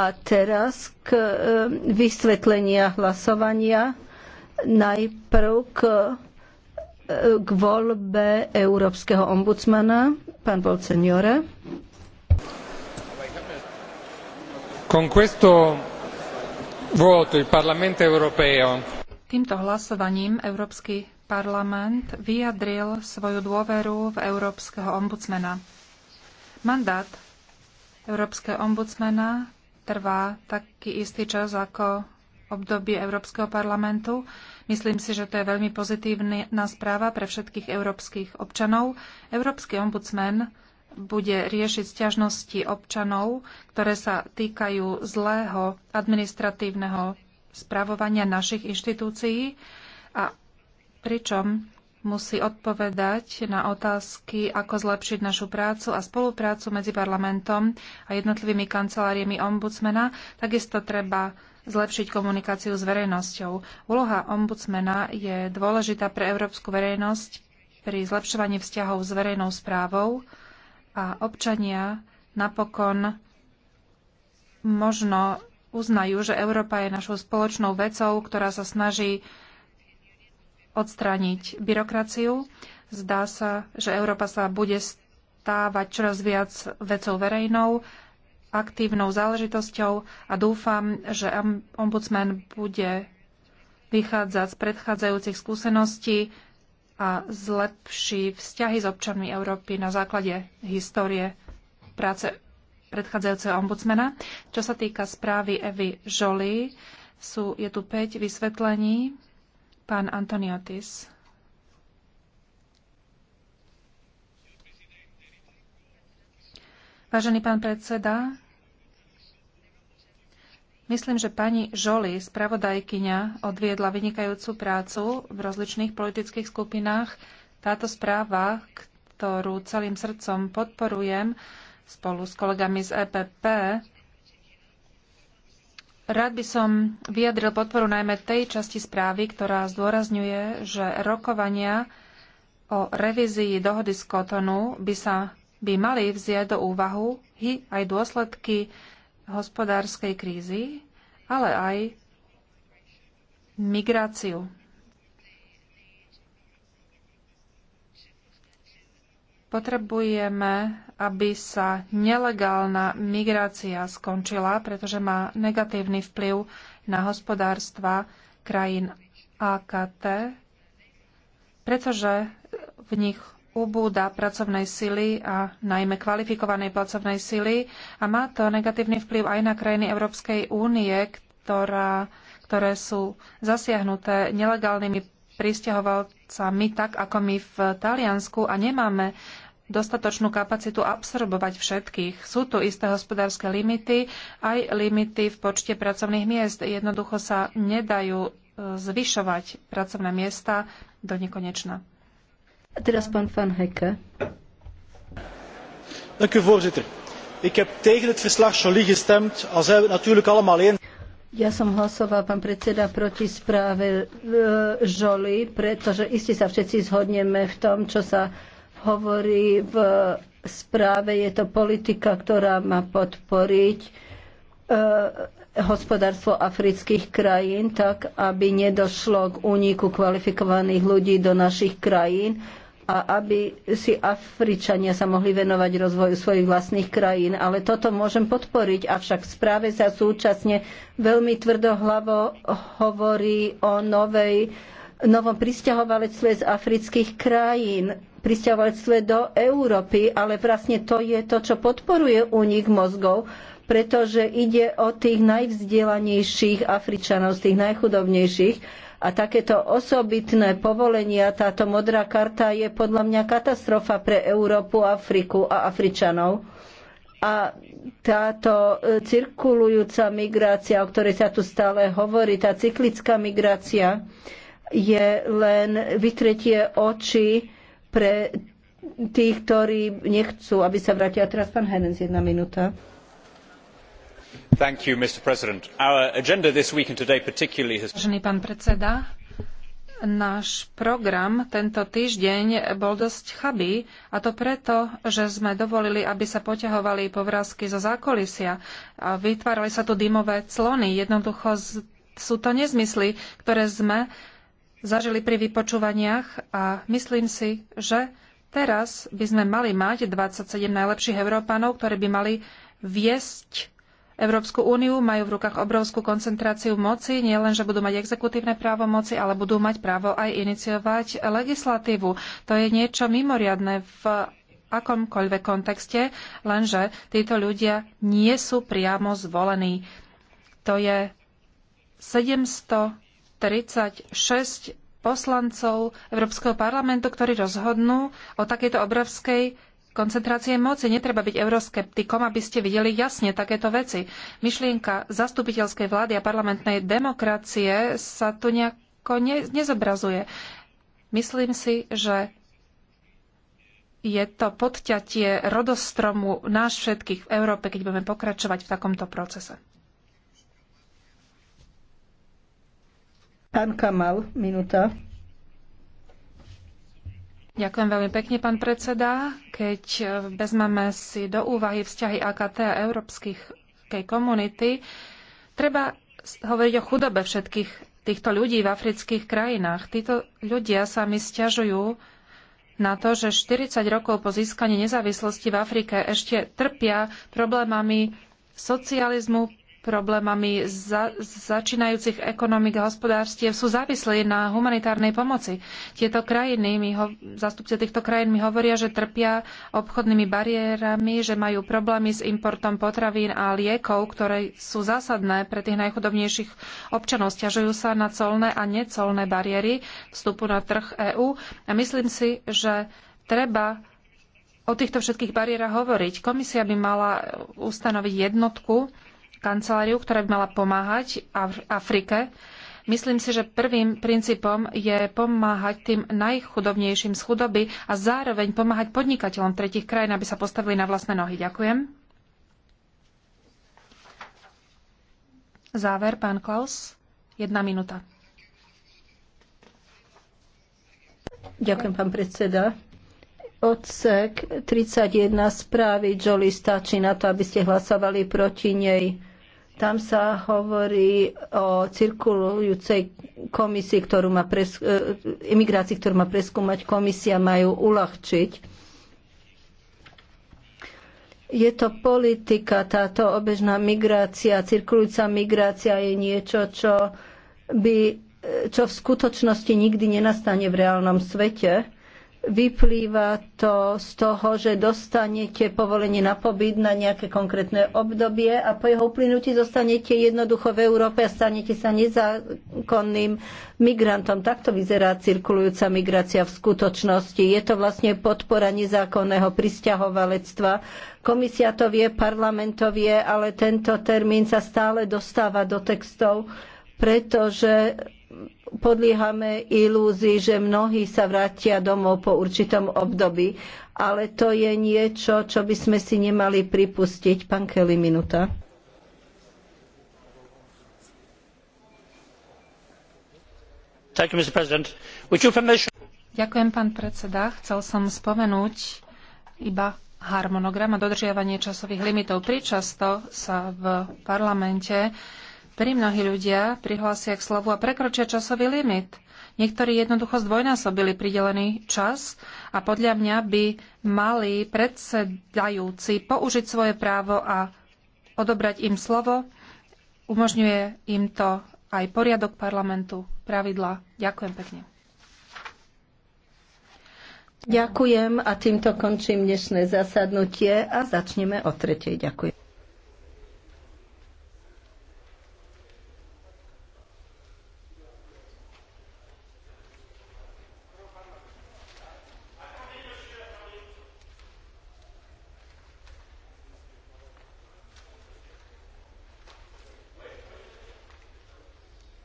A teraz k e, vysvetlenia hlasovania. Najprv k, e, k voľbe Európskeho ombudsmana, pán Bolceniore. Con questo voto il Parlamento europeo Týmto hlasovaním Európsky parlament vyjadril svoju dôveru v Európskeho ombudsmana. Mandát Európskeho ombudsmana trvá taký istý čas ako obdobie Európskeho parlamentu. Myslím si, že to je veľmi pozitívna správa pre všetkých európskych občanov. Európsky ombudsman bude riešiť stiažnosti občanov, ktoré sa týkajú zlého administratívneho spravovania našich inštitúcií a pričom musí odpovedať na otázky, ako zlepšiť našu prácu a spoluprácu medzi parlamentom a jednotlivými kanceláriami ombudsmena. Takisto treba zlepšiť komunikáciu s verejnosťou. Úloha ombudsmena je dôležitá pre európsku verejnosť pri zlepšovaní vzťahov s verejnou správou a občania napokon možno uznajú, že Európa je našou spoločnou vecou, ktorá sa snaží odstrániť byrokraciu. Zdá sa, že Európa sa bude stávať čoraz viac vecou verejnou, aktívnou záležitosťou a dúfam, že ombudsman bude vychádzať z predchádzajúcich skúseností a zlepší vzťahy s občanmi Európy na základe histórie práce predchádzajúceho ombudsmana. Čo sa týka správy Evy Žoly, sú, je tu 5 vysvetlení Pán Antoniotis. Vážený pán predseda, myslím, že pani Žoli, spravodajkyňa, odviedla vynikajúcu prácu v rozličných politických skupinách. Táto správa, ktorú celým srdcom podporujem spolu s kolegami z EPP, Rád by som vyjadril podporu najmä tej časti správy, ktorá zdôrazňuje, že rokovania o revízii dohody z Kotonu by sa by mali vziať do úvahu i aj dôsledky hospodárskej krízy, ale aj migráciu. Potrebujeme aby sa nelegálna migrácia skončila, pretože má negatívny vplyv na hospodárstva krajín AKT, pretože v nich ubúda pracovnej sily a najmä kvalifikovanej pracovnej sily a má to negatívny vplyv aj na krajiny Európskej únie, ktorá, ktoré sú zasiahnuté nelegálnymi pristahovalcami tak ako my v Taliansku a nemáme dostatočnú kapacitu absorbovať všetkých. Sú tu isté hospodárske limity, aj limity v počte pracovných miest. Jednoducho sa nedajú e, zvyšovať pracovné miesta do nekonečna. A teraz pán Van Hecke. Dank u voorzitter. Ik heb tegen het verslag Jolie gestemd, al zijn we het natuurlijk allemaal eens. Ja som hlasoval, pán predseda, proti správe e, Žoli, pretože iste sa všetci zhodneme v tom, čo sa hovorí v správe, je to politika, ktorá má podporiť eh, hospodárstvo afrických krajín, tak aby nedošlo k úniku kvalifikovaných ľudí do našich krajín a aby si Afričania sa mohli venovať rozvoju svojich vlastných krajín. Ale toto môžem podporiť, avšak v správe sa súčasne veľmi tvrdohlavo hovorí o novej, novom pristahovalectve z afrických krajín pristahovalectve do Európy, ale vlastne to je to, čo podporuje únik mozgov, pretože ide o tých najvzdelanejších Afričanov, z tých najchudobnejších. A takéto osobitné povolenia, táto modrá karta je podľa mňa katastrofa pre Európu, Afriku a Afričanov. A táto e, cirkulujúca migrácia, o ktorej sa tu stále hovorí, tá cyklická migrácia, je len vytretie očí pre tých, ktorí nechcú, aby sa vrátila. Teraz pán Henens, jedna minúta. Vážený pán predseda, náš program tento týždeň bol dosť chabý a to preto, že sme dovolili, aby sa poťahovali povrázky zo zákolisia a vytvárali sa tu dymové clony. Jednoducho sú to nezmysly, ktoré sme uh, zažili pri vypočúvaniach a myslím si, že teraz by sme mali mať 27 najlepších Európanov, ktorí by mali viesť Európsku úniu, majú v rukách obrovskú koncentráciu moci, nie len, že budú mať exekutívne právo moci, ale budú mať právo aj iniciovať legislatívu. To je niečo mimoriadne v akomkoľvek kontexte, lenže títo ľudia nie sú priamo zvolení. To je 700 36 poslancov Európskeho parlamentu, ktorí rozhodnú o takejto obrovskej koncentrácie moci. Netreba byť euroskeptikom, aby ste videli jasne takéto veci. Myšlienka zastupiteľskej vlády a parlamentnej demokracie sa tu nejako ne- nezobrazuje. Myslím si, že je to podťatie rodostromu nás všetkých v Európe, keď budeme pokračovať v takomto procese. Pán Kamal, minúta. Ďakujem veľmi pekne, pán predseda. Keď e, vezmeme si do úvahy vzťahy AKT a európskych komunity, treba hovoriť o chudobe všetkých týchto ľudí v afrických krajinách. Títo ľudia sa mi stiažujú na to, že 40 rokov po získaní nezávislosti v Afrike ešte trpia problémami socializmu, problémami za, začínajúcich ekonomik a hospodárstiev sú závislí na humanitárnej pomoci. Tieto krajiny, mi ho, zastupce týchto krajín mi hovoria, že trpia obchodnými bariérami, že majú problémy s importom potravín a liekov, ktoré sú zásadné pre tých najchudobnejších občanov. Sťažujú sa na colné a necolné bariéry vstupu na trh EÚ a myslím si, že treba o týchto všetkých bariérach hovoriť. Komisia by mala ustanoviť jednotku, kanceláriu, ktorá by mala pomáhať Afrike. Myslím si, že prvým princípom je pomáhať tým najchudobnejším z chudoby a zároveň pomáhať podnikateľom tretich krajín, aby sa postavili na vlastné nohy. Ďakujem. Záver, pán Klaus. Jedna minúta. Ďakujem, pán predseda. Odsek 31 správy Jolie stačí na to, aby ste hlasovali proti nej tam sa hovorí o cirkulujúcej komisii, ktorú má pres, e, imigrácii, ktorú má preskúmať komisia, majú uľahčiť. Je to politika, táto obežná migrácia, cirkulujúca migrácia je niečo, čo, by, čo v skutočnosti nikdy nenastane v reálnom svete Vyplýva to z toho, že dostanete povolenie na pobyt na nejaké konkrétne obdobie a po jeho uplynutí zostanete jednoducho v Európe a stanete sa nezákonným migrantom. Takto vyzerá cirkulujúca migrácia v skutočnosti. Je to vlastne podpora nezákonného pristahovalectva. Komisia to vie, parlament to vie, ale tento termín sa stále dostáva do textov, pretože podliehame ilúzii, že mnohí sa vrátia domov po určitom období, ale to je niečo, čo by sme si nemali pripustiť. Pán Kelly, minúta. Ďakujem, pán predseda. Chcel som spomenúť iba harmonogram a dodržiavanie časových limitov. Pričasto sa v parlamente uh, pri mnohí ľudia prihlásia k slovu a prekročia časový limit. Niektorí jednoducho zdvojnásobili pridelený čas a podľa mňa by mali predsedajúci použiť svoje právo a odobrať im slovo. Umožňuje im to aj poriadok parlamentu, pravidla. Ďakujem pekne. Ďakujem a týmto končím dnešné zasadnutie a začneme o tretej. Ďakujem.